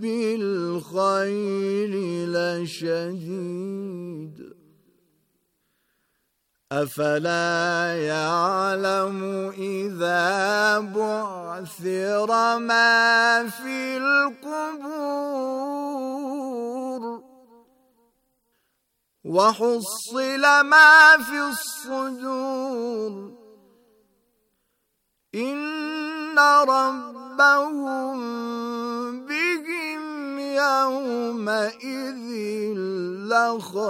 بالخير لشديد أفلا يعلم إذا بعثر ما في القبور وحصل ما في الصدور إن ربهم به يومئذ لخبير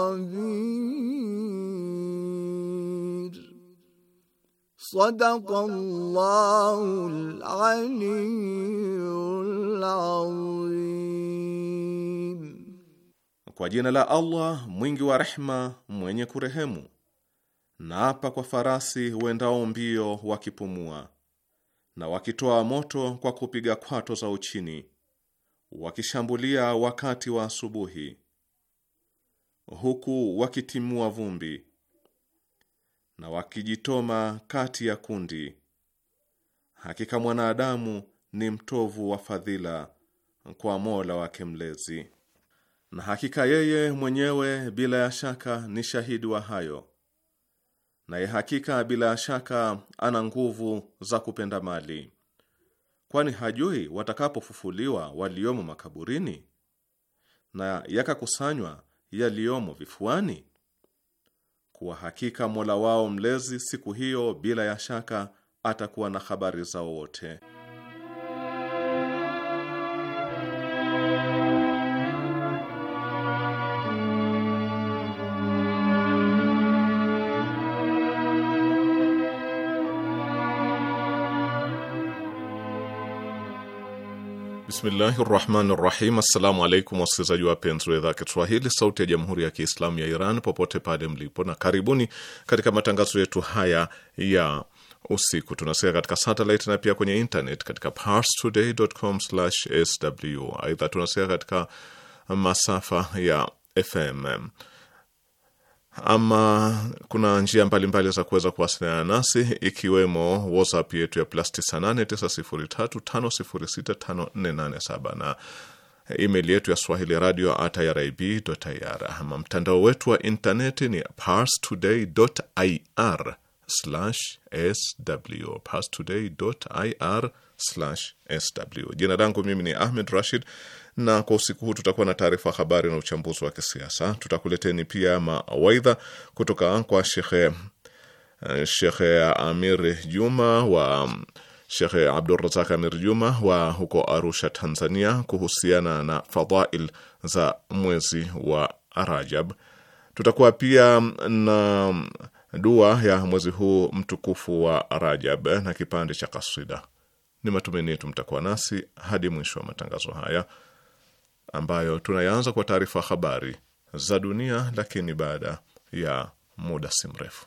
صدق الله العلي العظيم Kwa jina la Allah mwingi wa rehma mwenye kurehemu. na apa kwa farasi wendao mbio wakipumua na wakitoa moto kwa kupiga kwato za uchini wakishambulia wakati wa asubuhi, huku wakitimua vumbi na wakijitoma kati ya kundi. Hakika mwanadamu ni mtovu wa fadhila kwa Mola wake Mlezi, na hakika yeye mwenyewe bila ya shaka ni shahidi wa hayo, naye hakika bila ya shaka ana nguvu za kupenda mali kwani hajui watakapofufuliwa waliomo makaburini na yakakusanywa yaliyomo vifuani? Kuwa hakika Mola wao mlezi siku hiyo bila ya shaka atakuwa na habari zao wote. Bismillahi rahmani rahim. Assalamu alaikum wasikilizaji wapenzi wa idhaa ya Kiswahili sauti ya jamhuri ya Kiislamu ya Iran popote pale mlipo, na karibuni katika matangazo yetu haya ya usiku. Tunasikia katika satellite na pia kwenye internet katika parstoday.com/sw. Aidha tunasikia katika masafa ya FM ama kuna njia mbalimbali za kuweza kuwasiliana nasi ikiwemo WhatsApp yetu ya plus 989035065487 na email yetu ya swahili radio at irib.ir. Ama mtandao wetu wa intaneti ni parstoday.ir sw parstoday.ir sw. Jina langu mimi ni Ahmed Rashid na kwa usiku huu tutakuwa na taarifa habari na uchambuzi wa kisiasa. Tutakuleteni pia mawaidha kutoka kwa Shekhe eh, Shekhe Amir Juma wa Shekhe Abdurazak Amir Juma wa huko Arusha, Tanzania, kuhusiana na fadhail za mwezi wa Rajab. Tutakuwa pia na dua ya mwezi huu mtukufu wa Rajab na kipande cha kasida. Ni matumaini yetu mtakuwa nasi hadi mwisho wa matangazo haya ambayo tunayaanza kwa taarifa habari za dunia, lakini baada ya muda si mrefu.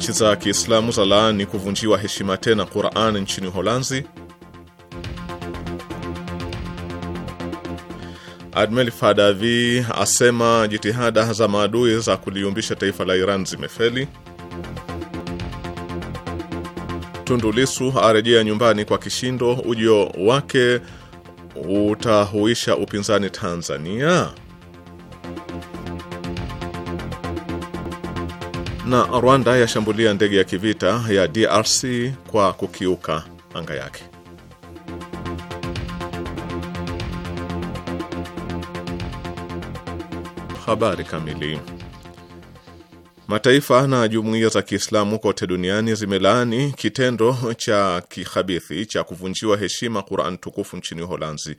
nchi za Kiislamu za laani kuvunjiwa heshima tena Qur'an nchini Holanzi. Admel Fadavi asema jitihada za maadui za kuliumbisha taifa la Iran zimefeli. Tundulisu arejea nyumbani kwa kishindo, ujio wake utahuisha upinzani Tanzania. Na Rwanda yashambulia ndege ya kivita ya DRC kwa kukiuka anga yake. Habari kamili. Mataifa na jumuiya za Kiislamu kote duniani zimelaani kitendo cha kihabithi cha kuvunjiwa heshima Quran tukufu nchini Uholanzi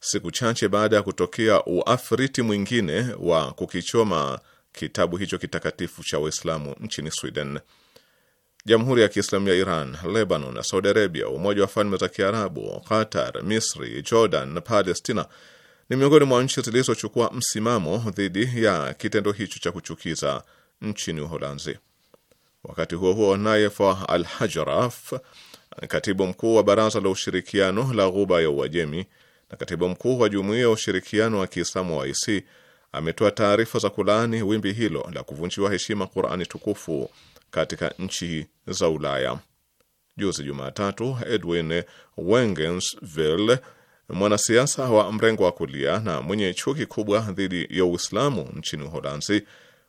siku chache baada ya kutokea uafriti mwingine wa kukichoma kitabu hicho kitakatifu cha Waislamu nchini Sweden. Jamhuri ya Kiislamu ya Iran, Lebanon, Saudi Arabia, Umoja wa Falme za Kiarabu, Qatar, Misri, Jordan na Palestina ni miongoni mwa nchi zilizochukua msimamo dhidi ya kitendo hicho cha kuchukiza nchini Uholanzi. Wakati huo huo, Naif Al Hajraf, katibu mkuu wa Baraza la Ushirikiano la Ghuba ya Uajemi na katibu mkuu wa Jumuiya ya Ushirikiano wa Kiislamu wa IC ametoa taarifa za kulaani wimbi hilo la kuvunjiwa heshima Qurani tukufu katika nchi za Ulaya. Juzi Jumatatu, Edwin Wengensville, mwanasiasa wa mrengo wa kulia na mwenye chuki kubwa dhidi ya Uislamu nchini Uholanzi,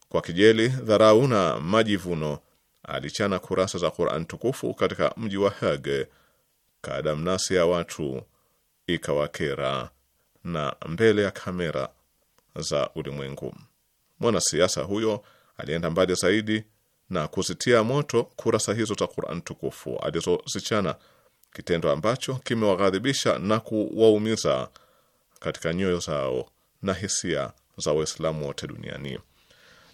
kwa kijeli, dharau na majivuno alichana kurasa za Qurani tukufu katika mji wa Hague. Kadamnasi ya watu ikawakera, na mbele ya kamera za ulimwengu. Mwanasiasa huyo alienda mbali zaidi na kuzitia moto kurasa hizo za Qur'an tukufu alizozichana, kitendo ambacho kimewaghadhibisha na kuwaumiza katika nyoyo zao na hisia za Waislamu wote duniani.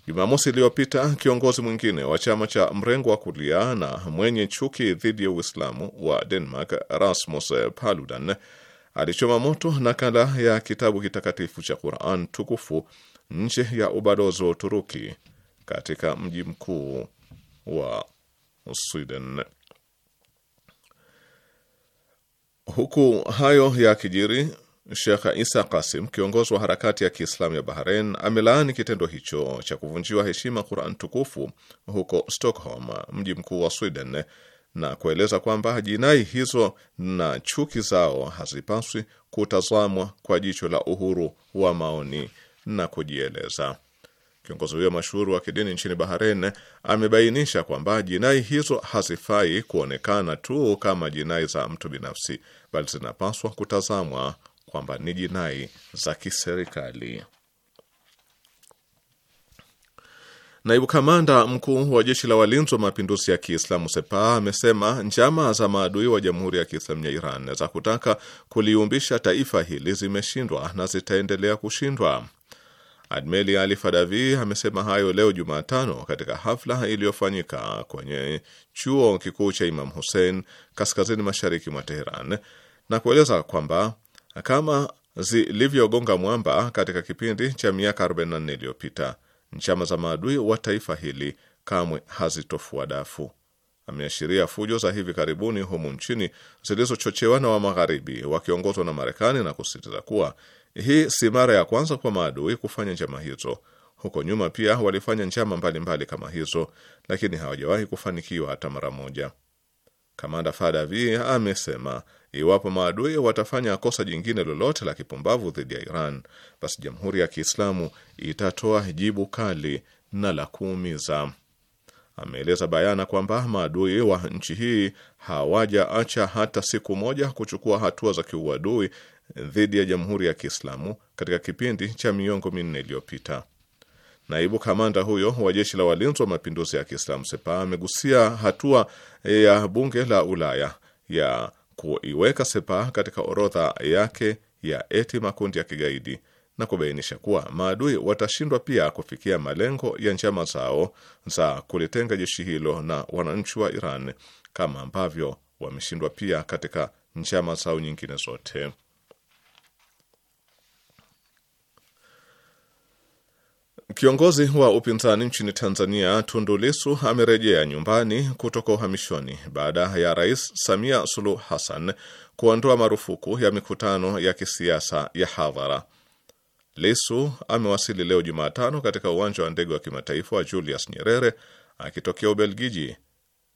Jumamosi iliyopita kiongozi mwingine wa chama cha mrengo wa kulia na mwenye chuki dhidi ya Uislamu wa Denmark, Rasmus Paludan alichoma moto nakala ya kitabu kitakatifu cha Quran tukufu nje ya ubalozi wa Uturuki katika mji mkuu wa Sweden. Huku hayo ya kijiri, Shekh Isa Kasim, kiongozi wa harakati ya Kiislamu ya Bahrain, amelaani kitendo hicho cha kuvunjiwa heshima Quran tukufu huko Stockholm, mji mkuu wa Sweden, na kueleza kwamba jinai hizo na chuki zao hazipaswi kutazamwa kwa jicho la uhuru wa maoni na kujieleza. Kiongozi huyo mashuhuri wa kidini nchini Bahrain amebainisha kwamba jinai hizo hazifai kuonekana tu kama jinai za mtu binafsi, bali zinapaswa kutazamwa kwamba ni jinai za kiserikali. Naibu kamanda mkuu wa jeshi la walinzi wa mapinduzi ya Kiislamu sepa amesema njama za maadui wa jamhuri ya Kiislamu ya Iran za kutaka kuliumbisha taifa hili zimeshindwa na zitaendelea kushindwa. Admeli Ali Fadavi amesema hayo leo Jumatano katika hafla iliyofanyika kwenye chuo kikuu cha Imam Hussein kaskazini mashariki mwa Teheran na kueleza kwamba kama zilivyogonga mwamba katika kipindi cha miaka 44 iliyopita Njama za maadui wa taifa hili kamwe hazitofua dafu. Ameashiria fujo za hivi karibuni humu nchini zilizochochewa na wa magharibi wakiongozwa na Marekani na kusisitiza kuwa hii si mara ya kwanza kwa maadui kufanya njama hizo. Huko nyuma pia walifanya njama mbalimbali mbali kama hizo, lakini hawajawahi kufanikiwa hata mara moja. Kamanda Fadavi amesema iwapo maadui watafanya kosa jingine lolote la kipumbavu dhidi ya Iran, basi Jamhuri ya Kiislamu itatoa jibu kali na la kuumiza. Ameeleza bayana kwamba maadui wa nchi hii hawajaacha hata siku moja kuchukua hatua za kiuadui dhidi ya Jamhuri ya Kiislamu katika kipindi cha miongo minne iliyopita. Naibu kamanda huyo wa jeshi la walinzi wa mapinduzi ya Kiislamu Sepa amegusia hatua e, ya bunge la Ulaya ya kuiweka Sepa katika orodha yake ya eti makundi ya kigaidi na kubainisha kuwa maadui watashindwa pia kufikia malengo ya njama zao za kulitenga jeshi hilo na wananchi wa Iran kama ambavyo wameshindwa pia katika njama zao nyingine zote. Kiongozi wa upinzani nchini Tanzania Tundu Lissu amerejea nyumbani kutoka uhamishoni baada ya Rais Samia Suluhu Hassan kuondoa marufuku ya mikutano ya kisiasa ya hadhara. Lissu amewasili leo Jumatano katika uwanja wa ndege wa kimataifa wa Julius Nyerere akitokea Ubelgiji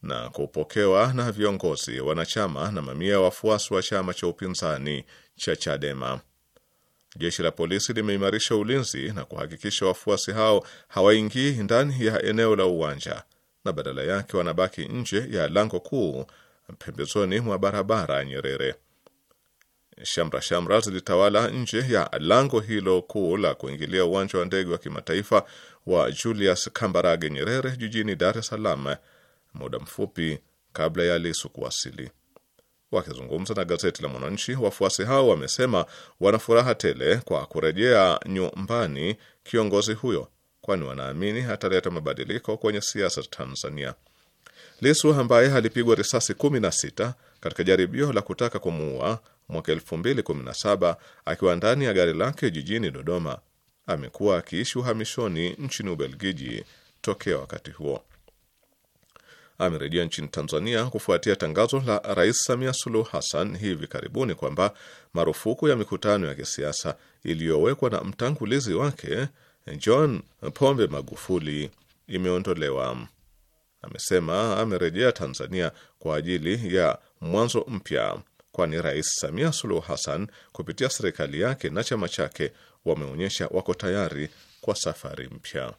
na kupokewa na viongozi wanachama na mamia ya wafuasi wa chama cha upinzani cha Chadema. Jeshi la polisi limeimarisha ulinzi na kuhakikisha wafuasi hao hawaingii ndani ya eneo la uwanja na badala yake wanabaki nje ya lango kuu pembezoni mwa barabara Nyerere. Shamra shamra zilitawala nje ya lango hilo kuu la kuingilia uwanja wa ndege wa kimataifa wa Julius Kambarage Nyerere jijini Dar es Salaam muda mfupi kabla ya Lisu kuwasili. Wakizungumza na gazeti la Mwananchi, wafuasi hao wamesema wanafuraha tele kwa kurejea nyumbani kiongozi huyo, kwani wanaamini ataleta mabadiliko kwenye siasa za Tanzania. Lisu ambaye alipigwa risasi 16 katika jaribio la kutaka kumuua mwaka 2017 akiwa ndani ya gari lake jijini Dodoma amekuwa akiishi uhamishoni nchini Ubelgiji tokea wakati huo amerejea nchini Tanzania kufuatia tangazo la Rais Samia Suluhu Hassan hivi karibuni kwamba marufuku ya mikutano ya kisiasa iliyowekwa na mtangulizi wake John Pombe Magufuli imeondolewa. Amesema amerejea Tanzania kwa ajili ya mwanzo mpya, kwani Rais Samia Suluhu Hassan kupitia serikali yake na chama chake wameonyesha wako tayari kwa safari mpya.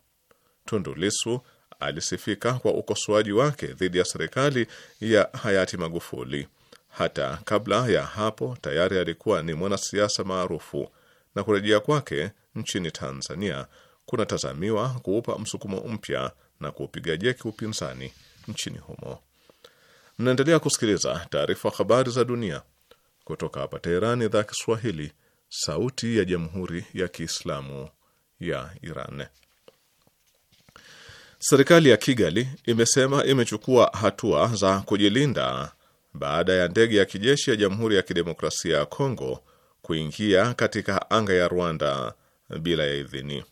Tundu Lissu alisifika kwa ukosoaji wake dhidi ya serikali ya hayati Magufuli. Hata kabla ya hapo tayari alikuwa ni mwanasiasa maarufu na kurejea kwake nchini Tanzania kunatazamiwa kuupa msukumo mpya na kuupiga jeki upinzani nchini humo. Mnaendelea kusikiliza taarifa habari za dunia kutoka hapa Teheran, idhaa Kiswahili, sauti ya jamhuri ya kiislamu ya Iran. Serikali ya Kigali imesema imechukua hatua za kujilinda baada ya ndege ya kijeshi ya Jamhuri ya Kidemokrasia ya Kongo kuingia katika anga ya Rwanda bila ya idhini.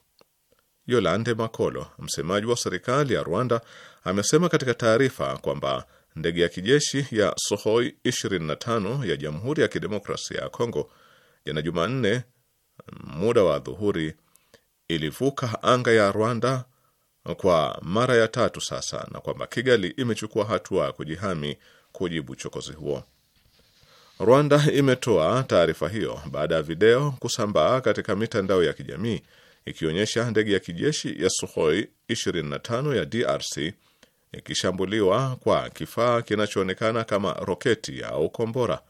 Yolande Makolo, msemaji wa serikali ya Rwanda, amesema katika taarifa kwamba ndege ya kijeshi ya sohoi 25 ya Jamhuri ya Kidemokrasia ya Kongo jana Jumanne muda wa dhuhuri ilivuka anga ya Rwanda kwa mara ya tatu sasa na kwamba Kigali imechukua hatua ya kujihami kujibu uchokozi huo. Rwanda imetoa taarifa hiyo baada ya video kusambaa katika mitandao ya kijamii ikionyesha ndege ya kijeshi ya Suhoi 25 ya DRC ikishambuliwa kwa kifaa kinachoonekana kama roketi au kombora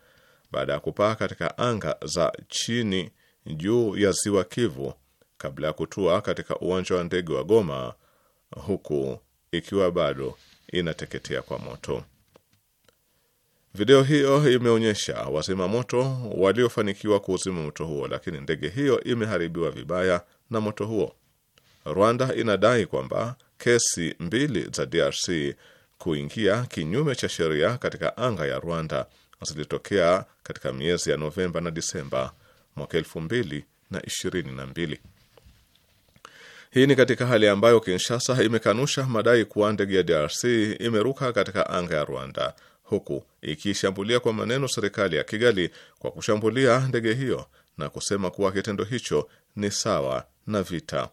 baada ya kupaa katika anga za chini juu ya ziwa Kivu kabla ya kutua katika uwanja wa ndege wa Goma huku ikiwa bado inateketea kwa moto. Video hiyo imeonyesha wazima moto waliofanikiwa kuuzima moto huo, lakini ndege hiyo imeharibiwa vibaya na moto huo. Rwanda inadai kwamba kesi mbili za DRC kuingia kinyume cha sheria katika anga ya Rwanda zilitokea katika miezi ya Novemba na Disemba mwaka elfu mbili na ishirini na mbili. Hii ni katika hali ambayo Kinshasa imekanusha madai kuwa ndege ya DRC imeruka katika anga ya Rwanda, huku ikiishambulia kwa maneno serikali ya Kigali kwa kushambulia ndege hiyo na kusema kuwa kitendo hicho ni sawa na vita.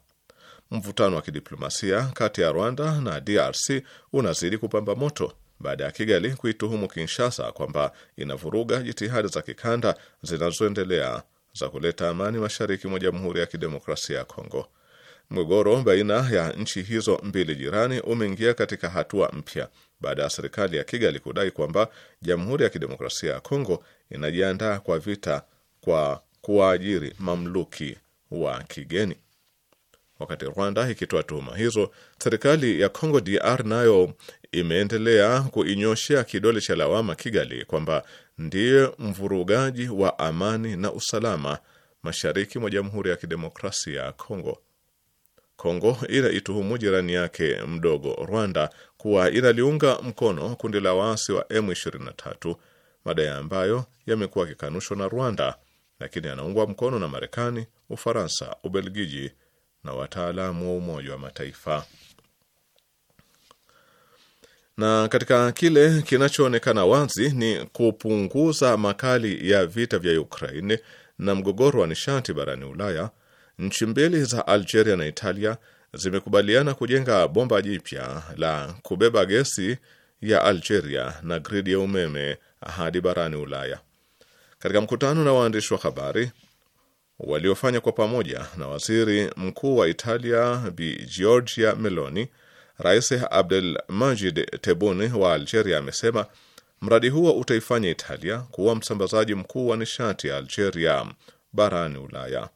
Mvutano wa kidiplomasia kati ya Rwanda na DRC unazidi kupamba moto baada ya Kigali kuituhumu Kinshasa kwamba inavuruga jitihada za kikanda zinazoendelea za kuleta amani mashariki mwa Jamhuri ya Kidemokrasia ya Kongo. Mgogoro baina ya nchi hizo mbili jirani umeingia katika hatua mpya baada ya serikali ya Kigali kudai kwamba Jamhuri ya Kidemokrasia ya Kongo inajiandaa kwa vita kwa kuwaajiri mamluki wa kigeni. Wakati Rwanda ikitoa tuhuma hizo, serikali ya congo DR nayo imeendelea kuinyoshea kidole cha lawama Kigali kwamba ndiye mvurugaji wa amani na usalama mashariki mwa Jamhuri ya Kidemokrasia ya Kongo. Kongo ila ituhumu jirani yake mdogo Rwanda kuwa inaliunga mkono kundi la waasi wa M23, madai ambayo yamekuwa yakikanushwa na Rwanda, lakini yanaungwa mkono na Marekani, Ufaransa, Ubelgiji na wataalamu wa Umoja wa Mataifa. Na katika kile kinachoonekana wazi ni kupunguza makali ya vita vya Ukraine na mgogoro wa nishati barani Ulaya Nchi mbili za Algeria na Italia zimekubaliana kujenga bomba jipya la kubeba gesi ya Algeria na gridi ya umeme hadi barani Ulaya. Katika mkutano na waandishi wa habari waliofanya kwa pamoja na waziri mkuu wa Italia Bi Giorgia Meloni, Rais Abdel Majid Tebboune wa Algeria amesema mradi huo utaifanya Italia kuwa msambazaji mkuu wa nishati ya Algeria barani Ulaya.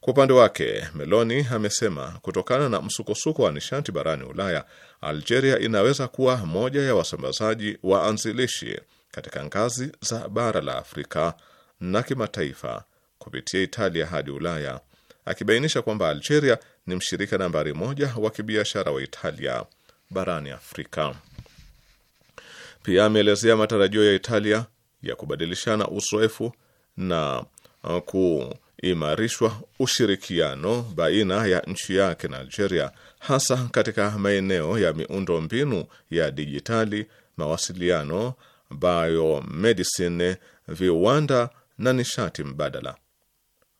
Kwa upande wake Meloni amesema kutokana na msukosuko wa nishati barani Ulaya, Algeria inaweza kuwa moja ya wasambazaji waanzilishi katika ngazi za bara la Afrika na kimataifa kupitia Italia hadi Ulaya, akibainisha kwamba Algeria ni mshirika nambari moja wa kibiashara wa Italia barani Afrika. Pia ameelezea matarajio ya Italia ya kubadilishana uzoefu na uh, ku imarishwa ushirikiano baina ya nchi yake na Algeria, hasa katika maeneo ya miundo mbinu ya dijitali, mawasiliano, biomedicine, viwanda na nishati mbadala.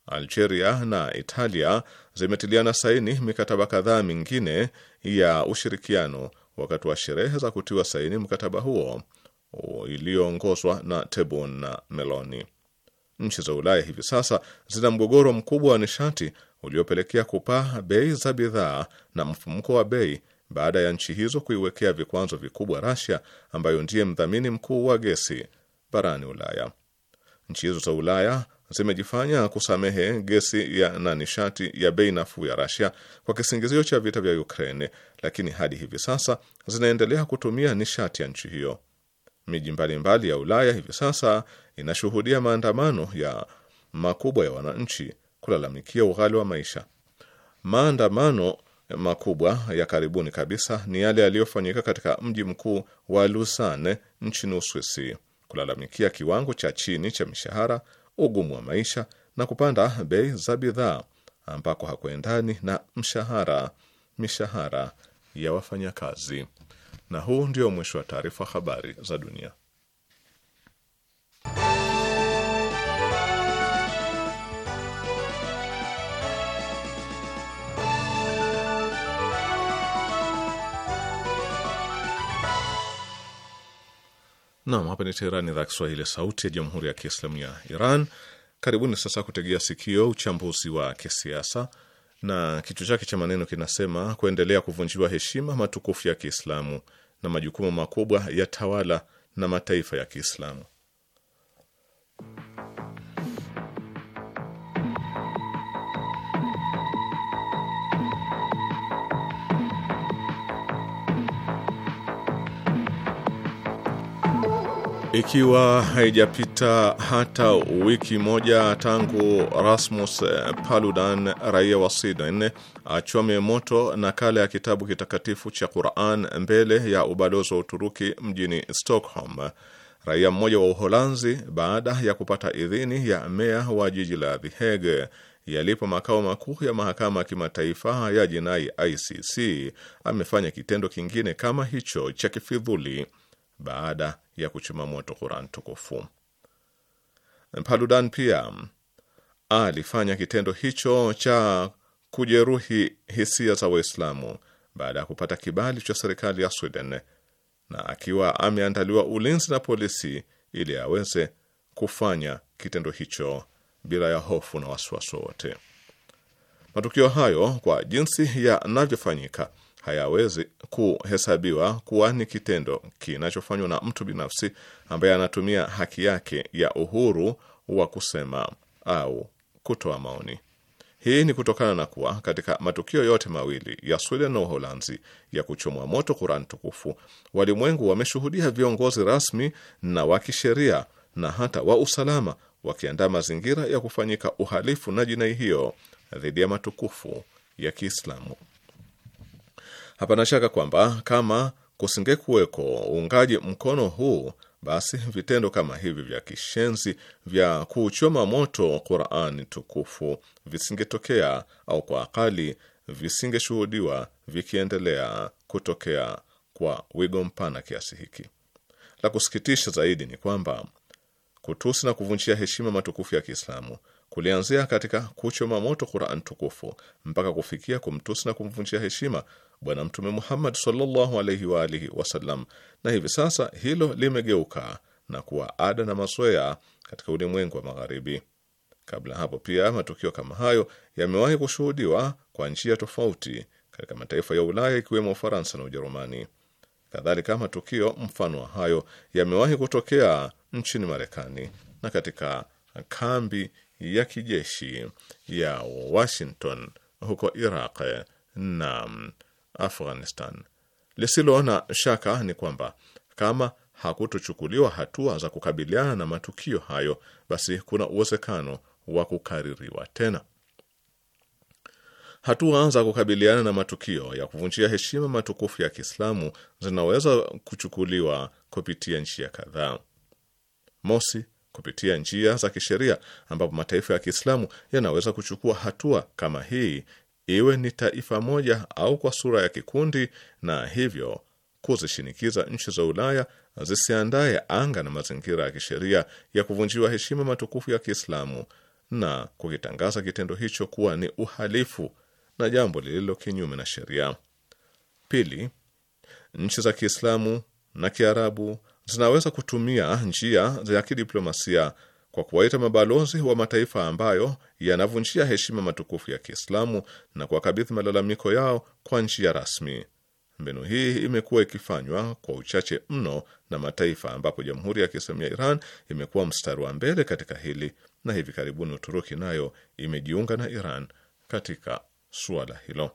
Algeria na Italia zimetiliana saini mikataba kadhaa mingine ya ushirikiano wakati wa sherehe za kutiwa saini mkataba huo iliyoongozwa na Tebun na Meloni nchi za Ulaya hivi sasa zina mgogoro mkubwa wa nishati uliopelekea kupaa bei za bidhaa na mfumuko wa bei baada ya nchi hizo kuiwekea vikwazo vikubwa Russia ambayo ndiye mdhamini mkuu wa gesi barani Ulaya. Nchi hizo za Ulaya zimejifanya kusamehe gesi ya na nishati ya bei nafuu ya Russia kwa kisingizio cha vita vya Ukraine, lakini hadi hivi sasa zinaendelea kutumia nishati ya nchi hiyo. Miji mbalimbali ya Ulaya hivi sasa inashuhudia maandamano ya makubwa ya wananchi kulalamikia ughali wa maisha. Maandamano makubwa ya karibuni kabisa ni yale yaliyofanyika katika mji mkuu wa Lausanne nchini Uswisi kulalamikia kiwango cha chini cha mishahara, ugumu wa maisha na kupanda bei za bidhaa ambako hakuendani na mshahara mishahara ya wafanyakazi. Na huu ndio mwisho wa taarifa habari za dunia. Nam, hapa ni Teherani, idhaa Kiswahili, sauti ya jamhuri ya kiislamu ya Iran. Karibuni sasa kutegea sikio uchambuzi wa kisiasa na kichwa chake cha maneno kinasema kuendelea kuvunjiwa heshima matukufu ya Kiislamu na majukumu makubwa ya tawala na mataifa ya Kiislamu. Ikiwa haijapita hata wiki moja tangu Rasmus Paludan, raia wa Sweden, achome moto nakala ya kitabu kitakatifu cha Quran mbele ya ubalozi wa Uturuki mjini Stockholm, raia mmoja wa Uholanzi, baada ya kupata idhini ya meya wa jiji la The Hague yalipo makao makuu ya mahakama ya kimataifa ya jinai ICC, amefanya kitendo kingine kama hicho cha kifidhuli baada ya kuchoma moto Quran tukufu. Paludan pia alifanya kitendo hicho cha kujeruhi hisia za Waislamu baada ya kupata kibali cha serikali ya Sweden na akiwa ameandaliwa ulinzi na polisi ili aweze kufanya kitendo hicho bila ya hofu na wasiwasi wowote. Matukio hayo kwa jinsi yanavyofanyika hayawezi kuhesabiwa kuwa ni kitendo kinachofanywa na mtu binafsi ambaye anatumia haki yake ya uhuru wa kusema au kutoa maoni. Hii ni kutokana na kuwa katika matukio yote mawili ya Sweden na Uholanzi ya kuchomwa moto Kurani tukufu, walimwengu wameshuhudia viongozi rasmi na wa kisheria na hata wa usalama wakiandaa mazingira ya kufanyika uhalifu na jinai hiyo dhidi ya matukufu ya Kiislamu. Hapana shaka kwamba kama kusingekuweko uungaji mkono huu, basi vitendo kama hivi vya kishenzi vya kuchoma moto Qur'an tukufu visingetokea au kwa akali visingeshuhudiwa vikiendelea kutokea kwa wigo mpana kiasi hiki. La kusikitisha zaidi ni kwamba kutusi na kuvunjia heshima matukufu ya Kiislamu kulianzia katika kuchoma moto Qur'an tukufu mpaka kufikia kumtusi na kumvunjia heshima Bwana Mtume Muhammad sallallahu alaihi wa alihi wasallam, na hivi sasa hilo limegeuka na kuwa ada na mazoea katika ulimwengu wa Magharibi. Kabla hapo pia matukio kama hayo yamewahi kushuhudiwa kwa njia tofauti katika mataifa ya Ulaya ikiwemo Ufaransa na Ujerumani. Kadhalika, matukio mfano wa hayo yamewahi kutokea nchini Marekani na katika kambi ya kijeshi ya Washington huko Iraq na Afghanistan. Lisilo na shaka ni kwamba kama hakutochukuliwa hatua za kukabiliana na matukio hayo, basi kuna uwezekano wa kukaririwa tena. Hatua za kukabiliana na matukio ya kuvunjia heshima matukufu ya Kiislamu zinaweza kuchukuliwa kupitia njia kadhaa. Mosi, kupitia njia za kisheria ambapo mataifa ya Kiislamu yanaweza kuchukua hatua kama hii iwe ni taifa moja au kwa sura ya kikundi, na hivyo kuzishinikiza nchi za Ulaya zisiandaye anga na mazingira ya kisheria ya kuvunjiwa heshima matukufu ya Kiislamu na kukitangaza kitendo hicho kuwa ni uhalifu na jambo lililo kinyume na sheria. Pili, nchi za Kiislamu na Kiarabu zinaweza kutumia njia za kidiplomasia kwa kuwaita mabalozi wa mataifa ambayo yanavunjia heshima matukufu ya Kiislamu na kuwakabidhi malalamiko yao kwa njia rasmi. Mbinu hii imekuwa ikifanywa kwa uchache mno na mataifa ambapo Jamhuri ya Kiislamu ya Iran imekuwa mstari wa mbele katika hili, na hivi karibuni Uturuki nayo imejiunga na Iran katika suala hilo.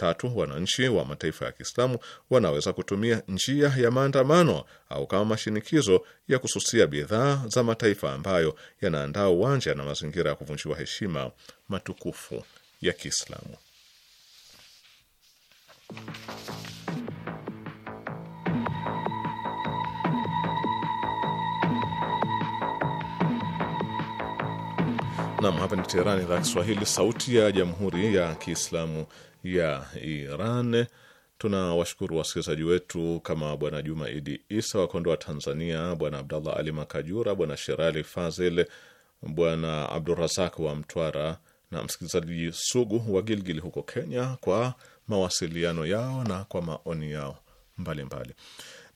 Tatu, wananchi wa mataifa ya Kiislamu wanaweza kutumia njia ya maandamano au kama mashinikizo ya kususia bidhaa za mataifa ambayo yanaandaa uwanja na mazingira ya kuvunjiwa heshima matukufu ya Kiislamu. Nam, hapa ni Teherani, idhaa Kiswahili, sauti ya jamhuri ya Kiislamu ya Iran. Tunawashukuru wasikilizaji wetu kama Bwana Juma Idi Isa wa Kondoa, Tanzania, Bwana Abdallah Ali Makajura, Bwana Sherali Fazil, Bwana Abdurazak wa Mtwara na msikilizaji sugu wa Gilgil huko Kenya kwa mawasiliano yao na kwa maoni yao mbalimbali.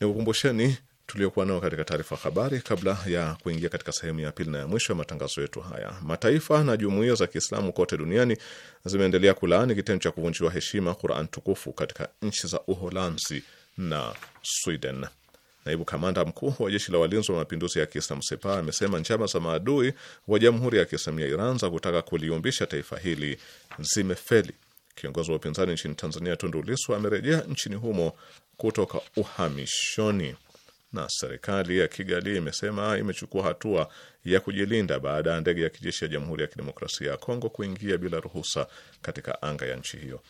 Nikukumbusheni tuliokuwa nao katika taarifa habari, kabla ya kuingia katika sehemu ya pili na ya mwisho ya matangazo yetu haya. Mataifa na jumuiya za Kiislamu kote duniani zimeendelea kulaani kitendo cha kuvunjiwa heshima Quran tukufu katika nchi za Uholanzi na Sweden. Naibu kamanda mkuu wa jeshi la walinzi wa mapinduzi ya Kiislamu Sepa amesema njama za maadui wa jamhuri ya Kiislamu ya Iran za kutaka kuliumbisha taifa hili zimefeli. Kiongozi wa upinzani nchini Tanzania Tundu Lissu amerejea nchini humo kutoka uhamishoni na serikali ya Kigali imesema imechukua hatua ya kujilinda baada ya ndege ya kijeshi ya Jamhuri ya Kidemokrasia ya Kongo kuingia bila ruhusa katika anga ya nchi hiyo.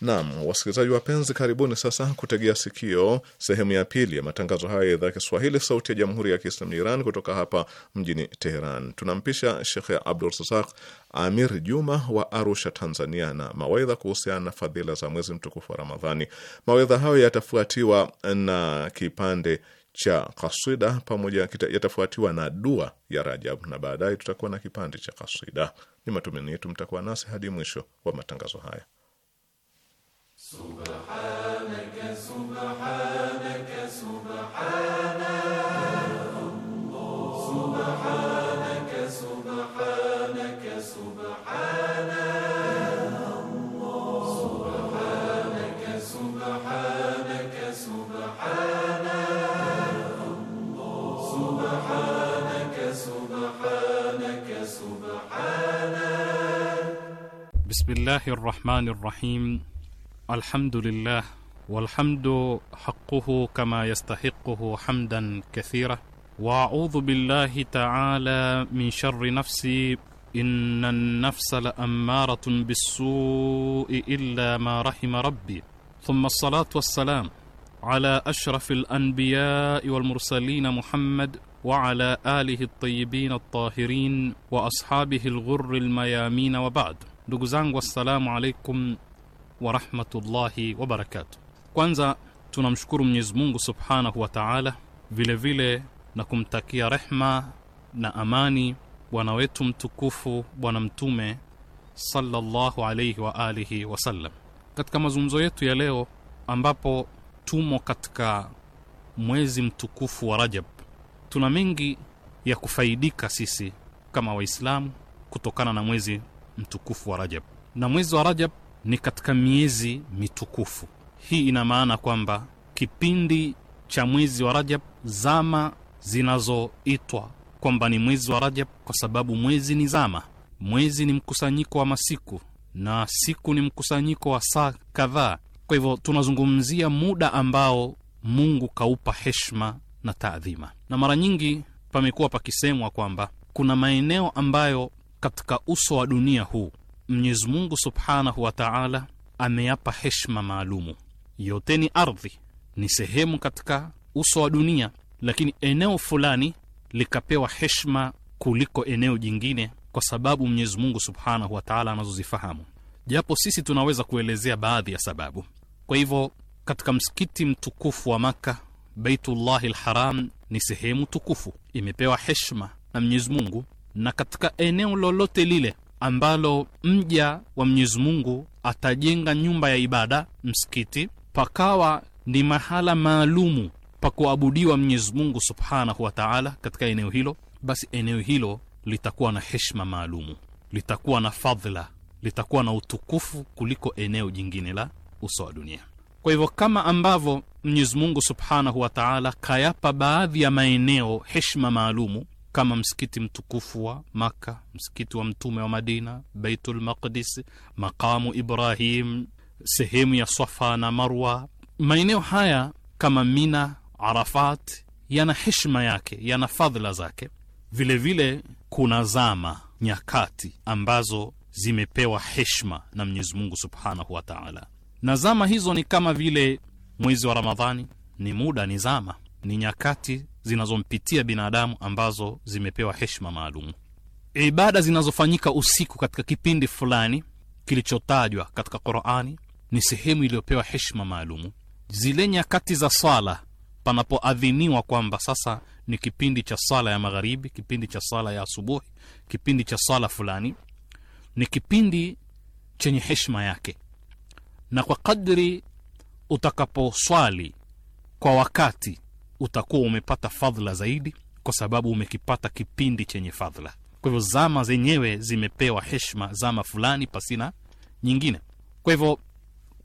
Naam, wasikilizaji wapenzi, karibuni sasa kutegea sikio sehemu ya pili ya matangazo haya ya idhaa ya Kiswahili, sauti ya jamhuri ya kiislamu Iran, kutoka hapa mjini Teheran. Tunampisha Shekhe Abdul Razak Amir Juma wa Arusha, Tanzania, na mawaidha kuhusiana na fadhila za mwezi mtukufu wa Ramadhani. Mawaidha hayo yatafuatiwa na kipande cha kasida pamoja yatafuatiwa na dua ya Rajab na baadaye tutakuwa na kipande cha kasida. Ni matumaini yetu mtakuwa nasi hadi mwisho wa matangazo haya. Subhanaka, subhanaka. بسم الله الرحمن الرحيم الحمد لله والحمد حقه كما يستحقه حمدا كثيرا واعوذ بالله تعالى من شر نفسي ان النفس لاماره بالسوء الا ما رحم ربي ثم الصلاه والسلام على اشرف الانبياء والمرسلين محمد وعلى اله الطيبين الطاهرين واصحابه الغر الميامين وبعد ndugu zangu assalamu alaikum warahmatullahi wabarakatu kwanza tunamshukuru mwenyezi mungu subhanahu wa taala vile vile na kumtakia rehma na amani bwana wetu mtukufu bwana mtume salllahu alaihi wa alihi wasallam katika mazungumzo yetu ya leo ambapo tumo katika mwezi mtukufu wa rajab tuna mengi ya kufaidika sisi kama waislamu kutokana na mwezi mtukufu wa Rajab, na mwezi wa Rajab ni katika miezi mitukufu. Hii ina maana kwamba kipindi cha mwezi wa Rajab, zama zinazoitwa kwamba ni mwezi wa Rajab, kwa sababu mwezi ni zama, mwezi ni mkusanyiko wa masiku na siku ni mkusanyiko wa saa kadhaa. Kwa hivyo tunazungumzia muda ambao Mungu kaupa heshima na taadhima, na mara nyingi pamekuwa pakisemwa kwamba kuna maeneo ambayo katika uso wa dunia huu mnyezimungu Mungu subhanahu wa taala ameyapa heshma maalumu. Yote ni ardhi, ni sehemu katika uso wa dunia, lakini eneo fulani likapewa heshma kuliko eneo jingine, kwa sababu mnyezimungu Mungu subhanahu wa taala anazozifahamu, japo sisi tunaweza kuelezea baadhi ya sababu. Kwa hivyo katika msikiti mtukufu wa Makka, Baitullahi lharam ni sehemu tukufu, imepewa heshma na Mwenyezi Mungu na katika eneo lolote lile ambalo mja wa Mwenyezi Mungu atajenga nyumba ya ibada, msikiti, pakawa ni mahala maalumu pa kuabudiwa Mwenyezi Mungu subhanahu wa taala katika eneo hilo, basi eneo hilo litakuwa na heshma maalumu, litakuwa na fadhla litakuwa na utukufu kuliko eneo jingine la uso wa dunia. Kwa hivyo kama ambavyo Mwenyezi Mungu subhanahu wa taala kayapa baadhi ya maeneo heshma maalumu kama msikiti mtukufu wa Maka, msikiti wa mtume wa Madina, Baitul Maqdis, maqamu Ibrahim, sehemu ya swafa na Marwa. Maeneo haya kama Mina, Arafat yana heshima yake, yana fadhila zake. Vilevile vile, kuna zama nyakati ambazo zimepewa heshima na Mwenyezi Mungu subhanahu wa taala, na zama hizo ni kama vile mwezi wa Ramadhani. Ni muda, ni zama, ni nyakati zinazompitia binadamu ambazo zimepewa heshima maalum. Ibada zinazofanyika usiku katika kipindi fulani kilichotajwa katika Qurani ni sehemu iliyopewa heshima maalumu. Zile nyakati za sala panapoadhiniwa kwamba sasa ni kipindi cha sala ya magharibi, kipindi cha sala ya asubuhi, kipindi cha sala fulani, ni kipindi chenye heshima yake, na kwa kadri utakaposwali kwa wakati utakuwa umepata fadhla zaidi, kwa sababu umekipata kipindi chenye fadhla Kwa hivyo zama zenyewe zimepewa heshma zama fulani pasina nyingine. Kwa hivyo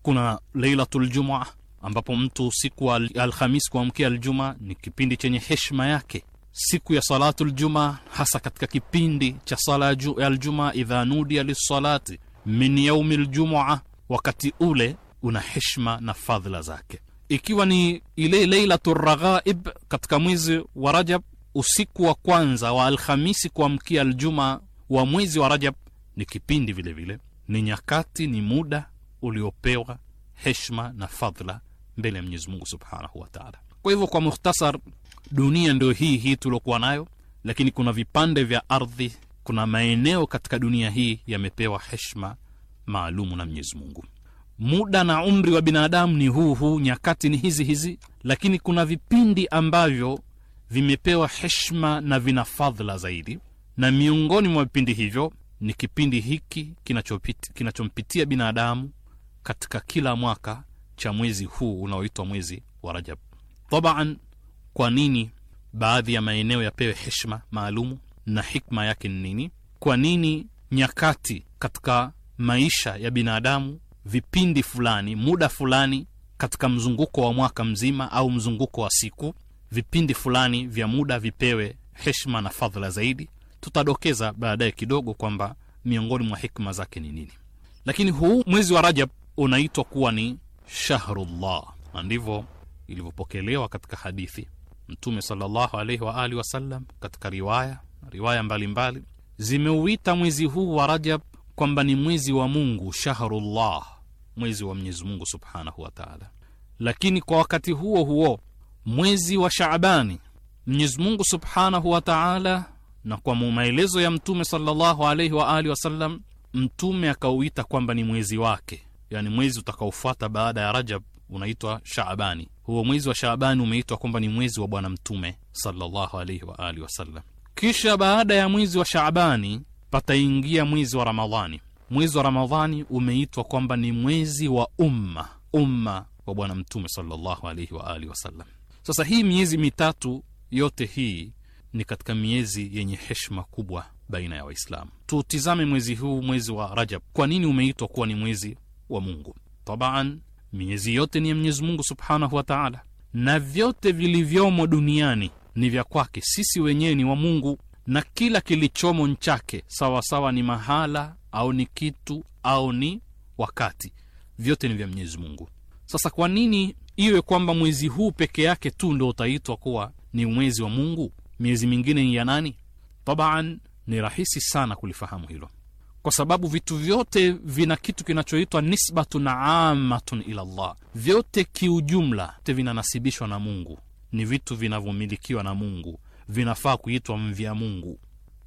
kuna leilatu Jumaa ambapo mtu siku wa Alhamis kuamkia aljuma ni kipindi chenye heshma yake. Siku ya salatu ljuma hasa katika kipindi cha sala ya idha nudia lissalati min yaumi ljumua, wakati ule una heshma na fadhla zake ikiwa ni ile Lailatu Raghaib katika mwezi wa Rajab, usiku wa kwanza wa Alhamisi kuamkia Aljuma wa mwezi wa Rajab ni kipindi vile vile, ni nyakati, ni muda uliopewa heshma na fadhla mbele ya Mwenyezi Mungu subhanahu wa taala. Kwa hivyo, kwa mukhtasar, dunia ndio hii hii tuliokuwa nayo, lakini kuna vipande vya ardhi, kuna maeneo katika dunia hii yamepewa heshma maalumu na Mwenyezi Mungu. Muda na umri wa binadamu ni huu huu, nyakati ni hizi hizi, lakini kuna vipindi ambavyo vimepewa heshima na vina fadhila zaidi, na miongoni mwa vipindi hivyo ni kipindi hiki kinachompitia binadamu katika kila mwaka cha mwezi huu unaoitwa mwezi wa Rajab. taban kwa nini baadhi ya maeneo yapewe heshima maalumu na hikma yake ni nini? Kwa nini nyakati katika maisha ya binadamu vipindi fulani, muda fulani katika mzunguko wa mwaka mzima au mzunguko wa siku, vipindi fulani vya muda vipewe heshma na fadhila zaidi. Tutadokeza baadaye kidogo kwamba miongoni mwa hikma zake ni nini, lakini huu mwezi wa Rajab unaitwa kuwa ni shahrullah, na ndivyo ilivyopokelewa katika hadithi Mtume sallallahu alaihi wasallam. Katika riwaya riwaya mbalimbali zimeuita mwezi huu wa Rajab kwamba ni mwezi wa Mungu, shahrullah mwezi wa Mwenyezi Mungu subhanahu wa taala. Lakini kwa wakati huo huo mwezi wa Shaabani Mwenyezi Mungu subhanahu wa taala, na kwa maelezo ya Mtume sallallahu alaihi wa alihi wasallam, Mtume akauita kwamba ni mwezi wake, yani mwezi utakaofuata baada ya Rajab unaitwa Shaabani. Huo mwezi wa Shaabani umeitwa kwamba ni mwezi wa Bwana Mtume sallallahu alaihi wa alihi wasallam. Kisha baada ya mwezi wa Shaabani pataingia mwezi wa Ramadhani mwezi wa Ramadhani umeitwa kwamba ni mwezi wa umma, umma wa Bwana Mtume sallallahu alaihi wa alihi wasallam. Sasa hii miezi mitatu yote hii ni katika miezi yenye heshima kubwa baina ya Waislamu. Tutizame mwezi huu, mwezi wa Rajab, kwa nini umeitwa kuwa ni mwezi wa Mungu? Tabaan, miezi yote ni ya Mwenyezi Mungu subhanahu wa taala, na vyote vilivyomo duniani ni vya kwake. Sisi wenyewe ni wa Mungu, na kila kilichomo nchake sawasawa ni mahala au ni kitu au ni wakati, vyote ni vya Mwenyezi Mungu. Sasa kwa nini iwe kwamba mwezi huu peke yake tu ndo utaitwa kuwa ni mwezi wa Mungu, miezi mingine ni ya nani? Taban ni rahisi sana kulifahamu hilo, kwa sababu vitu vyote vina kitu kinachoitwa nisbatun amatun ila llah Vyote kiujumla vinanasibishwa na Mungu, ni vitu vinavyomilikiwa na Mungu, vinafaa kuitwa mvya Mungu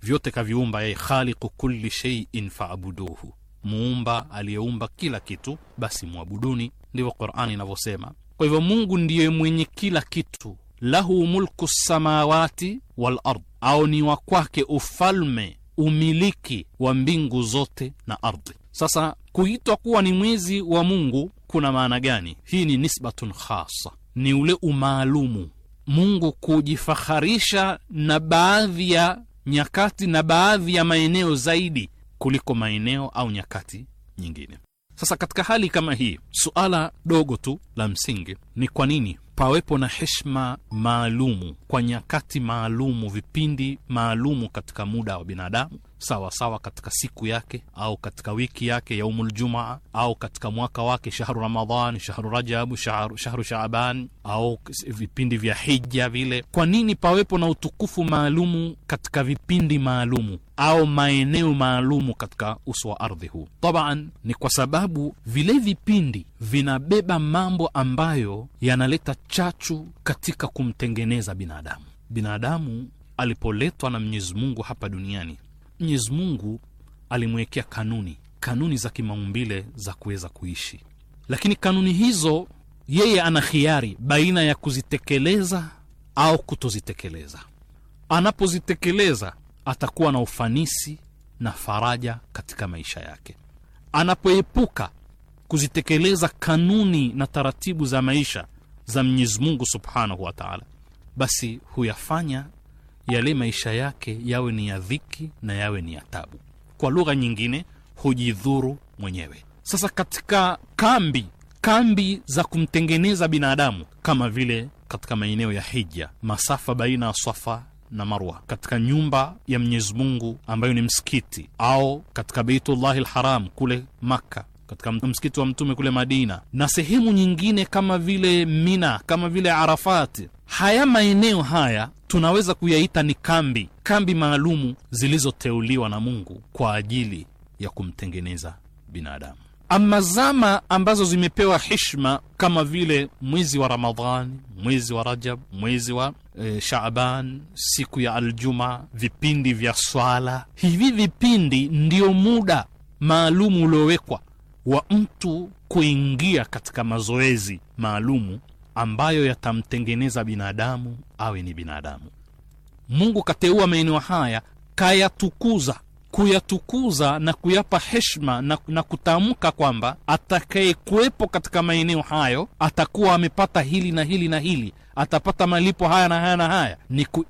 vyote kaviumba yeye, khaliqu kulli sheiin faabuduhu, muumba aliyeumba kila kitu, basi mwabuduni. Ndivyo Qur'ani inavyosema. Kwa hivyo Mungu ndiye mwenye kila kitu, lahu mulku samawati walard au ni wa kwake ufalme umiliki wa mbingu zote na ardhi. Sasa kuitwa kuwa ni mwezi wa Mungu kuna maana gani? Hii ni nisbatun khasa, ni ule umaalumu Mungu kujifaharisha na baadhi ya nyakati na baadhi ya maeneo zaidi kuliko maeneo au nyakati nyingine. Sasa katika hali kama hii, suala dogo tu la msingi ni kwa nini pawepo na heshma maalumu kwa nyakati maalumu, vipindi maalumu katika muda wa binadamu sawasawa sawa katika siku yake au katika wiki yake jumaa au katika mwaka wake shahru Ramadhan, shahru Rajabu, shahru, shahru Shaaban au vipindi vya hija vile. Kwa nini pawepo na utukufu maalumu katika vipindi maalumu au maeneo maalumu katika uso wa ardhi huu? Taban ni kwa sababu vile vipindi vinabeba mambo ambayo yanaleta chachu katika kumtengeneza binadamu. Binadamu alipoletwa na Mwenyezi Mungu hapa duniani Mwenyezi Mungu alimwekea kanuni, kanuni za kimaumbile za kuweza kuishi, lakini kanuni hizo yeye ana khiari baina ya kuzitekeleza au kutozitekeleza. Anapozitekeleza atakuwa na ufanisi na faraja katika maisha yake. Anapoepuka kuzitekeleza kanuni na taratibu za maisha za Mwenyezi Mungu subhanahu wa taala, basi huyafanya yale maisha yake yawe ni ya dhiki na yawe ni ya tabu, kwa lugha nyingine hujidhuru mwenyewe. Sasa katika kambi kambi za kumtengeneza binadamu kama vile katika maeneo ya hija, masafa baina ya swafa na Marwa, katika nyumba ya Mwenyezi Mungu ambayo ni msikiti, au katika Beitullahi lharam kule Makka, katika msikiti wa Mtume kule Madina na sehemu nyingine kama vile Mina, kama vile Arafati. Haya maeneo haya tunaweza kuyaita ni kambi, kambi maalumu zilizoteuliwa na Mungu kwa ajili ya kumtengeneza binadamu. Ama zama ambazo zimepewa hishma kama vile mwezi wa Ramadhani, mwezi wa Rajab, mwezi wa e, Shaaban, siku ya Aljuma, vipindi vya swala, hivi vipindi ndio muda maalumu uliowekwa wa mtu kuingia katika mazoezi maalumu ambayo yatamtengeneza binadamu awe ni binadamu. Mungu kateua maeneo haya kayatukuza. Kuyatukuza na kuyapa heshma na, na kutamka kwamba atakayekuwepo katika maeneo hayo atakuwa amepata hili na hili na hili, atapata malipo haya na haya na haya, ni ku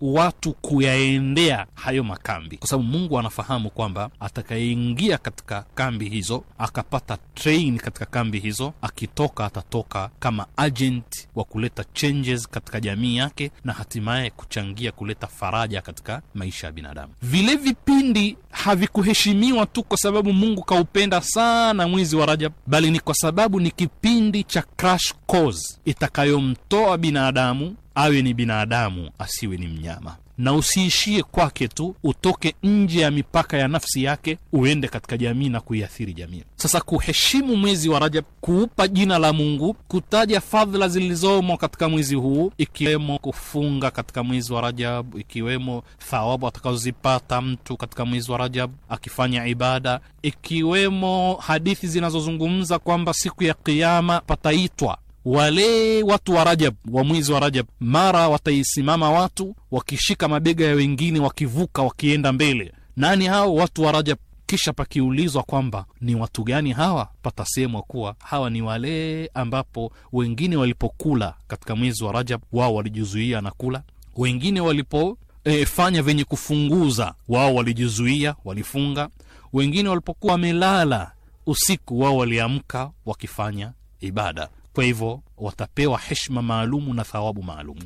watu kuyaendea hayo makambi, kwa sababu Mungu anafahamu kwamba atakayeingia katika kambi hizo akapata train katika kambi hizo, akitoka atatoka kama agent wa kuleta changes katika jamii yake na hatimaye kuchangia kuleta faraja katika maisha ya binadamu. Vile vipindi havikuheshimiwa tu kwa sababu Mungu kaupenda sana mwizi wa Rajab, bali ni kwa sababu ni kipindi cha crash cause itakayo kumtoa binadamu awe ni binadamu asiwe ni mnyama na usiishie kwake tu, utoke nje ya mipaka ya nafsi yake, uende katika jamii na kuiathiri jamii. Sasa kuheshimu mwezi wa Rajab, kuupa jina la Mungu, kutaja fadhila zilizomo katika mwezi huu, ikiwemo kufunga katika mwezi wa Rajab, ikiwemo thawabu atakazozipata mtu katika mwezi wa Rajab akifanya ibada, ikiwemo hadithi zinazozungumza kwamba siku ya Kiama pataitwa wale watu wa Rajab wa mwezi wa Rajab, mara wataisimama watu wakishika mabega ya wengine, wakivuka wakienda mbele. Nani hao watu wa Rajab? Kisha pakiulizwa kwamba ni watu gani hawa, patasemwa kuwa hawa ni wale ambapo wengine walipokula katika mwezi wa Rajab, wao walijizuia na kula, wengine walipofanya eh, e, vyenye kufunguza, wao walijizuia, walifunga, wengine walipokuwa wamelala usiku, wao waliamka wakifanya ibada. Kwa hivyo watapewa heshma maalumu na thawabu maalumu.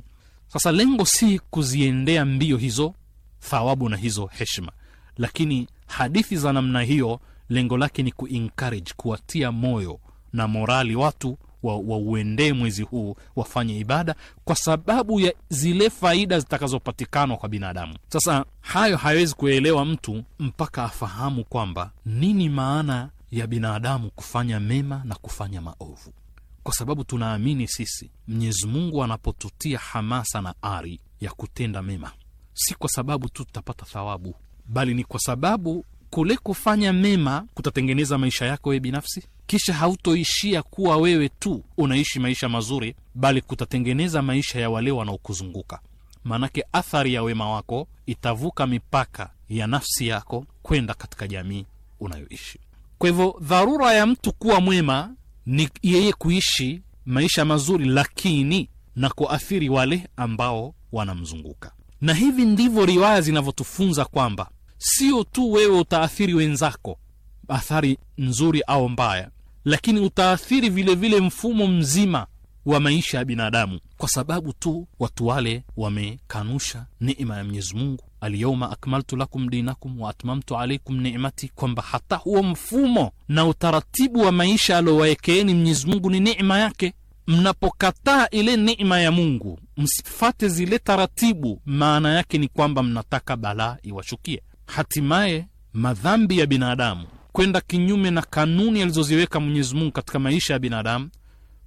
Sasa lengo si kuziendea mbio hizo thawabu na hizo heshma lakini hadithi za namna hiyo lengo lake ni kuencourage, kuwatia moyo na morali watu wauendee wa mwezi huu wafanye ibada kwa sababu ya zile faida zitakazopatikanwa kwa binadamu. Sasa hayo hayawezi kuelewa mtu mpaka afahamu kwamba nini maana ya binadamu kufanya mema na kufanya maovu kwa sababu tunaamini sisi Mwenyezi Mungu anapotutia hamasa na ari ya kutenda mema, si kwa sababu tu tutapata thawabu, bali ni kwa sababu kule kufanya mema kutatengeneza maisha yako wewe binafsi, kisha hautoishia kuwa wewe tu unaishi maisha mazuri, bali kutatengeneza maisha ya wale wanaokuzunguka. Maanake athari ya wema wako itavuka mipaka ya nafsi yako kwenda katika jamii unayoishi. Kwa hivyo, dharura ya mtu kuwa mwema ni yeye kuishi maisha mazuri, lakini na kuathiri wale ambao wanamzunguka. Na hivi ndivyo riwaya zinavyotufunza kwamba sio tu wewe utaathiri wenzako, athari nzuri au mbaya, lakini utaathiri vilevile vile mfumo mzima wa maisha ya binadamu, kwa sababu tu watu wale wamekanusha neema ya Mwenyezi Mungu alyauma akmaltu lakum dinakum wa atmamtu alaikum nimati, kwamba hata huo mfumo na utaratibu wa maisha aliowaekeeni Mwenyezi Mungu ni nema yake. Mnapokataa ile nema ya Mungu, msifate zile taratibu, maana yake ni kwamba mnataka balaa iwashukie. Hatimaye madhambi ya binadamu kwenda kinyume na kanuni alizoziweka Mwenyezi Mungu katika maisha ya binadamu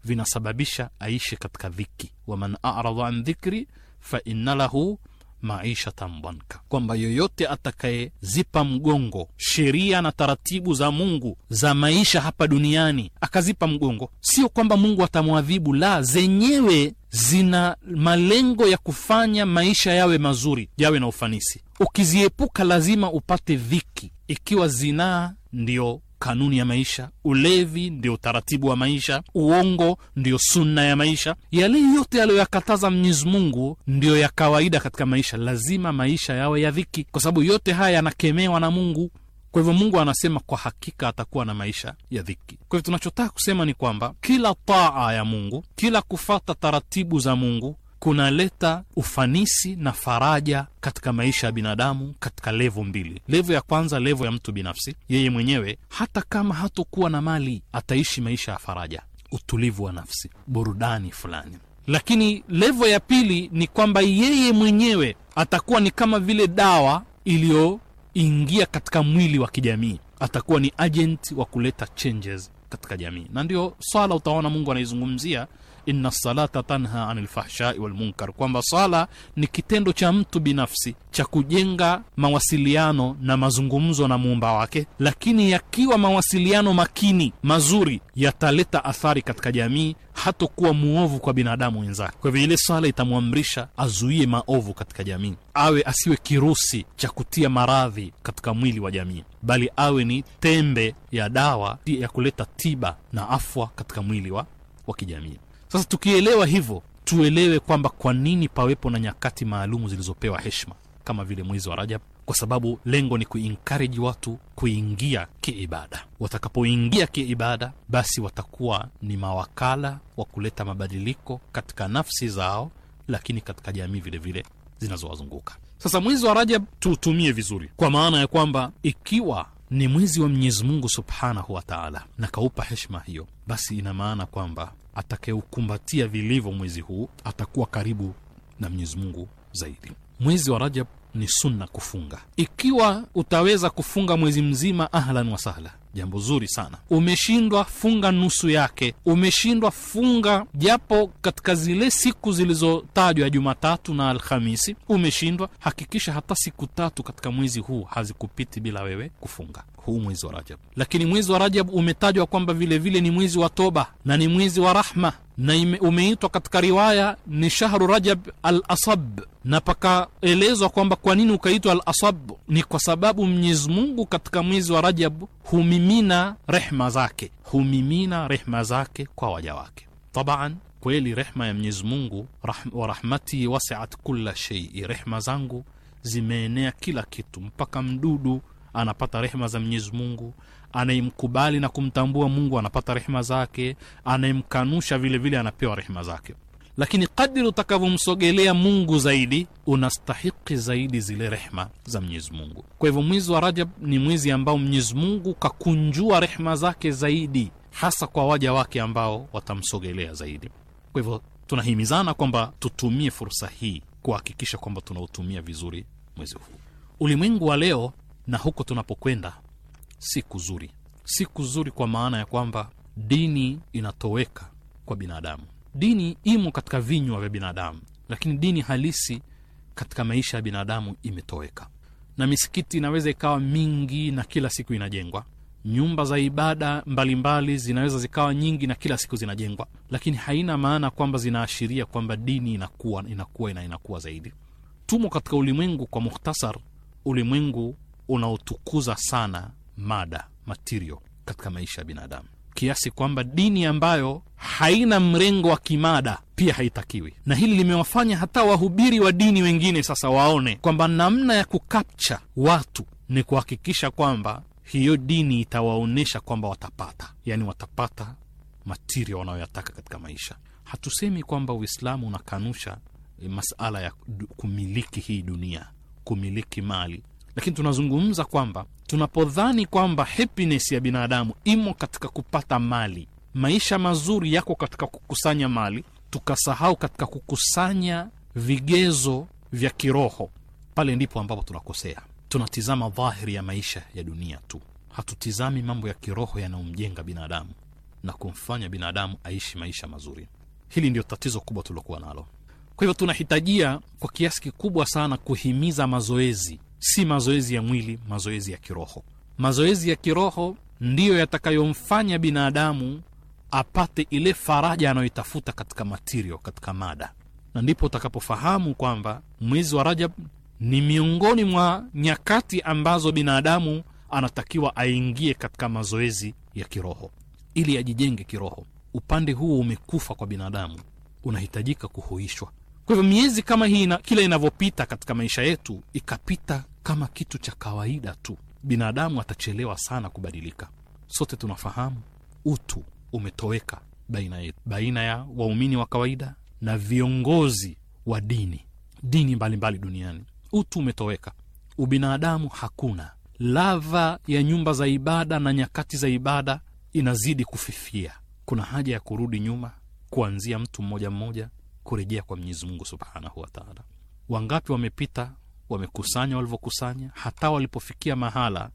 vinasababisha aishe katika dhiki. waman arada an dhikri fainna lahu maisha tambwanka kwamba yoyote atakayezipa mgongo sheria na taratibu za Mungu za maisha hapa duniani akazipa mgongo, sio kwamba Mungu atamwadhibu, la, zenyewe zina malengo ya kufanya maisha yawe mazuri, yawe na ufanisi. Ukiziepuka lazima upate dhiki. Ikiwa zinaa ndio kanuni ya maisha. Ulevi ndio utaratibu wa maisha, uongo ndio sunna ya maisha. Yale yote aliyoyakataza Mwenyezi Mungu ndiyo ya kawaida katika maisha. Lazima maisha yawe ya dhiki, kwa sababu yote haya yanakemewa na Mungu. Kwa hivyo Mungu anasema kwa hakika atakuwa na maisha ya dhiki. Kwa hivyo tunachotaka kusema ni kwamba kila taa ya Mungu, kila kufata taratibu za Mungu kunaleta ufanisi na faraja katika maisha ya binadamu katika levo mbili. Levo ya kwanza, levo ya mtu binafsi, yeye mwenyewe, hata kama hatokuwa na mali, ataishi maisha ya faraja, utulivu wa nafsi, burudani fulani. Lakini levo ya pili ni kwamba yeye mwenyewe atakuwa ni kama vile dawa iliyoingia katika mwili wa kijamii, atakuwa ni ajenti wa kuleta changes katika jamii, na ndio swala utaona Mungu anaizungumzia inna salata tanha anil fahshai wal munkar, kwamba sala ni kitendo cha mtu binafsi cha kujenga mawasiliano na mazungumzo na muumba wake, lakini yakiwa mawasiliano makini mazuri yataleta athari katika jamii, hatokuwa muovu kwa binadamu wenzake. Kwa hivyo ile sala itamwamrisha azuie maovu katika jamii, awe asiwe kirusi cha kutia maradhi katika mwili wa jamii, bali awe ni tembe ya dawa ya kuleta tiba na afwa katika mwili wa, wa kijamii. Sasa tukielewa hivyo, tuelewe kwamba kwa nini pawepo na nyakati maalumu zilizopewa heshma kama vile mwezi wa Rajab, kwa sababu lengo ni kuinkareji watu kuingia kiibada. Watakapoingia kiibada, basi watakuwa ni mawakala wa kuleta mabadiliko katika nafsi zao, lakini katika jamii vile vile zinazowazunguka. Sasa mwezi wa Rajab tuutumie vizuri, kwa maana ya kwamba ikiwa ni mwezi wa Mwenyezi Mungu subhanahu wa taala na kaupa heshma hiyo, basi ina maana kwamba atakayeukumbatia vilivyo mwezi huu atakuwa karibu na Mwenyezi Mungu zaidi. Mwezi wa Rajab ni sunna kufunga. Ikiwa utaweza kufunga mwezi mzima, ahlan wa sahla jambo zuri sana. Umeshindwa funga nusu yake, umeshindwa funga japo katika zile siku zilizotajwa Jumatatu na Alhamisi, umeshindwa. Hakikisha hata siku tatu katika mwezi huu hazikupiti bila wewe kufunga huu mwezi wa Rajab. Lakini mwezi wa Rajab umetajwa kwamba vilevile ni mwezi wa toba na ni mwezi wa rahma na umeitwa katika riwaya ni shahru Rajab al asab, na pakaelezwa kwamba kwa nini ukaitwa al asab, ni kwa sababu Mwenyezi Mungu katika mwezi wa Rajab humimi humimina rehma zake, humimina rehma zake kwa waja wake taban Kweli rehma ya Mwenyezi Mungu, wa rahmati wasiat kulla shei, rehma zangu zimeenea kila kitu. Mpaka mdudu anapata rehma za Mwenyezi Mungu, anayemkubali na kumtambua Mungu anapata rehma zake, anayemkanusha vilevile anapewa rehma zake lakini kadri utakavyomsogelea mungu zaidi unastahiki zaidi zile rehma za mwenyezi mungu kwa hivyo mwezi wa rajab ni mwezi ambao mwenyezi mungu kakunjua rehma zake zaidi hasa kwa waja wake ambao watamsogelea zaidi kwa hivyo tunahimizana kwamba tutumie fursa hii kuhakikisha kwamba tunautumia vizuri mwezi huu ulimwengu wa leo na huko tunapokwenda si kuzuri si kuzuri kwa maana ya kwamba dini inatoweka kwa binadamu dini imo katika vinywa vya binadamu, lakini dini halisi katika maisha ya binadamu imetoweka. Na misikiti inaweza ikawa mingi na kila siku inajengwa, nyumba za ibada mbalimbali mbali zinaweza zikawa nyingi na kila siku zinajengwa, lakini haina maana kwamba zinaashiria kwamba dini inakuwa inakuwa na inakuwa zaidi. Tumo katika ulimwengu, kwa mukhtasar, ulimwengu unaotukuza sana mada material katika maisha ya binadamu kiasi kwamba dini ambayo haina mrengo wa kimada pia haitakiwi, na hili limewafanya hata wahubiri wa dini wengine sasa waone kwamba namna ya kukapcha watu ni kuhakikisha kwamba hiyo dini itawaonyesha kwamba watapata, yani watapata matirio wanayoyataka katika maisha. Hatusemi kwamba Uislamu unakanusha masala ya kumiliki hii dunia, kumiliki mali, lakini tunazungumza kwamba tunapodhani kwamba happiness ya binadamu imo katika kupata mali, maisha mazuri yako katika kukusanya mali, tukasahau katika kukusanya vigezo vya kiroho, pale ndipo ambapo tunakosea. Tunatizama dhahiri ya maisha ya dunia tu, hatutizami mambo ya kiroho yanayomjenga binadamu na kumfanya binadamu aishi maisha mazuri. Hili ndio tatizo kubwa tuliokuwa nalo. Kwa hivyo tunahitajia kwa kiasi kikubwa sana kuhimiza mazoezi si mazoezi ya mwili, mazoezi ya kiroho. Mazoezi ya kiroho ndiyo yatakayomfanya binadamu apate ile faraja anayoitafuta katika matirio, katika mada, na ndipo utakapofahamu kwamba mwezi wa Rajab ni miongoni mwa nyakati ambazo binadamu anatakiwa aingie katika mazoezi ya kiroho ili ajijenge kiroho. Upande huo umekufa kwa binadamu, unahitajika kuhuishwa. Kwa hivyo miezi kama hii na, kila inavyopita katika maisha yetu ikapita kama kitu cha kawaida tu, binadamu atachelewa sana kubadilika. Sote tunafahamu utu umetoweka baina yetu, baina ya waumini wa kawaida na viongozi wa dini dini mbalimbali duniani. Utu umetoweka, ubinadamu hakuna. Lava ya nyumba za ibada na nyakati za ibada inazidi kufifia. Kuna haja ya kurudi nyuma, kuanzia mtu mmoja mmoja kurejea kwa Mwenyezi Mungu subhanahu wataala. Wangapi wamepita wamekusanya walivyokusanya, hata walipofikia mahala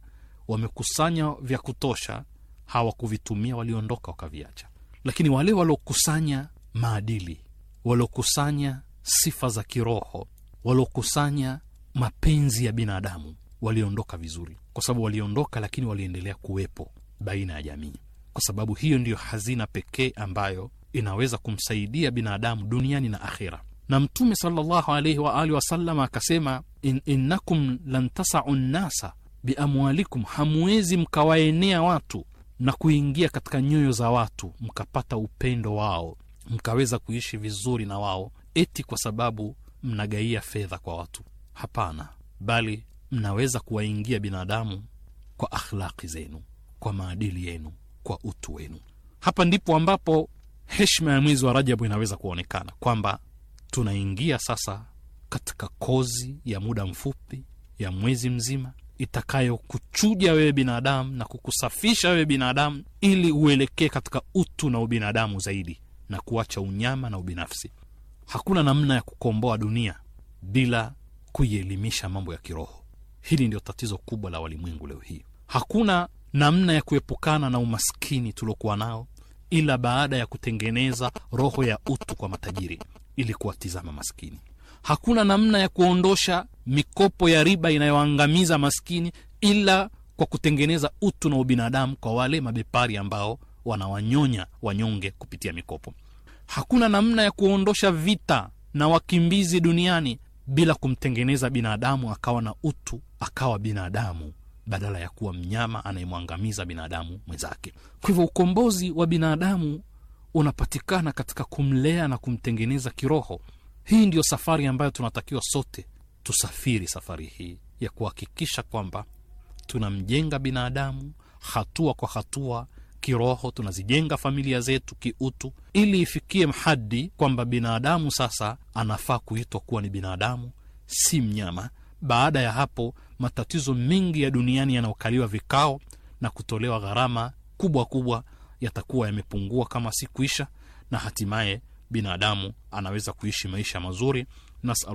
wamekusanya vya kutosha, hawakuvitumia, waliondoka wakaviacha. Lakini wale waliokusanya maadili, waliokusanya sifa za kiroho, waliokusanya mapenzi ya binadamu waliondoka vizuri, kwa sababu waliondoka, lakini waliendelea kuwepo baina ya jamii, kwa sababu hiyo ndiyo hazina pekee ambayo inaweza kumsaidia binadamu duniani na akhira na mtume sallallahu alaihi wa alihi wasallam akasema in, innakum lan tasau nnasa biamwalikum hamwezi mkawaenea watu na kuingia katika nyoyo za watu mkapata upendo wao mkaweza kuishi vizuri na wao eti kwa sababu mnagaia fedha kwa watu hapana bali mnaweza kuwaingia binadamu kwa akhlaqi zenu kwa maadili yenu kwa utu wenu hapa ndipo ambapo heshima ya mwezi wa Rajabu inaweza kuonekana kwamba tunaingia sasa katika kozi ya muda mfupi ya mwezi mzima itakayokuchuja wewe binadamu na kukusafisha wewe binadamu, ili uelekee katika utu na ubinadamu zaidi na kuacha unyama na ubinafsi. Hakuna namna ya kukomboa dunia bila kuielimisha mambo ya kiroho. Hili ndio tatizo kubwa la walimwengu leo hii. Hakuna namna ya kuepukana na umaskini tuliokuwa nao ila baada ya kutengeneza roho ya utu kwa matajiri ili kuwatizama maskini. Hakuna namna ya kuondosha mikopo ya riba inayoangamiza maskini ila kwa kutengeneza utu na ubinadamu kwa wale mabepari ambao wanawanyonya wanyonge kupitia mikopo. Hakuna namna ya kuondosha vita na wakimbizi duniani bila kumtengeneza binadamu akawa na utu, akawa binadamu badala ya kuwa mnyama anayemwangamiza binadamu mwenzake. Kwa hivyo ukombozi wa binadamu unapatikana katika kumlea na kumtengeneza kiroho. Hii ndiyo safari ambayo tunatakiwa sote tusafiri, safari hii ya kuhakikisha kwamba tunamjenga binadamu hatua kwa hatua kiroho, tunazijenga familia zetu kiutu, ili ifikie mhadi kwamba binadamu sasa anafaa kuitwa kuwa ni binadamu, si mnyama. Baada ya hapo matatizo mengi ya duniani yanaokaliwa vikao na kutolewa gharama kubwa kubwa yatakuwa yamepungua kama si kuisha na hatimaye binadamu anaweza kuishi maisha mazuri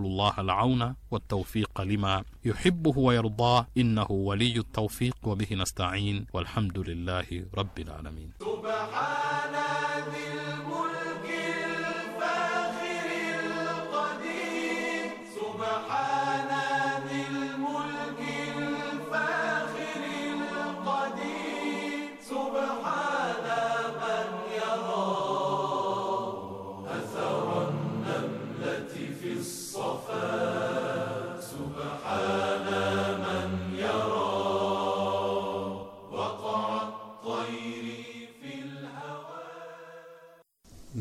llah alauna waltaufiqa lima yuhibuhu wayardah inahu waliyu ltaufiq wabihi nastain walhamdulillahi rabilalamin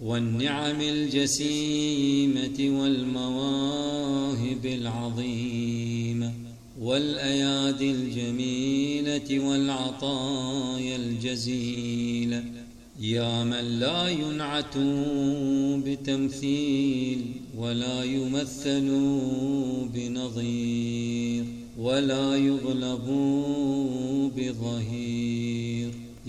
والنعم الجسيمة والمواهب العظيمة والأيادي الجميلة والعطايا الجزيلة يا من لا ينعت بتمثيل ولا يمثل بنظير ولا يغلبون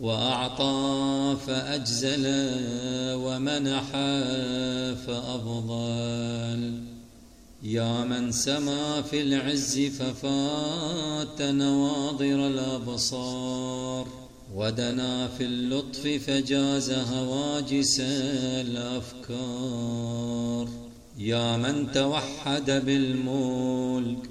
وأعطى فأجزل ومنح فأفضل يا من سما في العز ففات نواضر الأبصار ودنا في اللطف فجاز هواجس الأفكار يا من توحد بالملك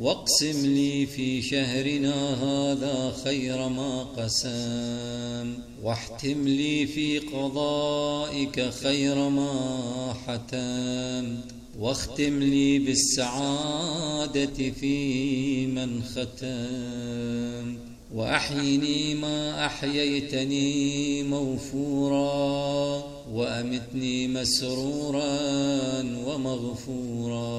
واقسم لي في شهرنا هذا خير ما قسم واحتم لي في قضائك خير ما حتم واختم لي بالسعادة في من ختم وأحيني ما أحييتني موفورا وأمتني مسرورا ومغفورا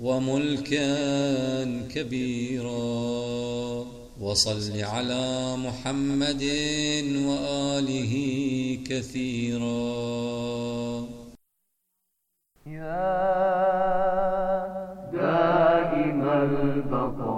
وملكا كبيرا وصل على محمد وآله كثيرا يا دائم البقاء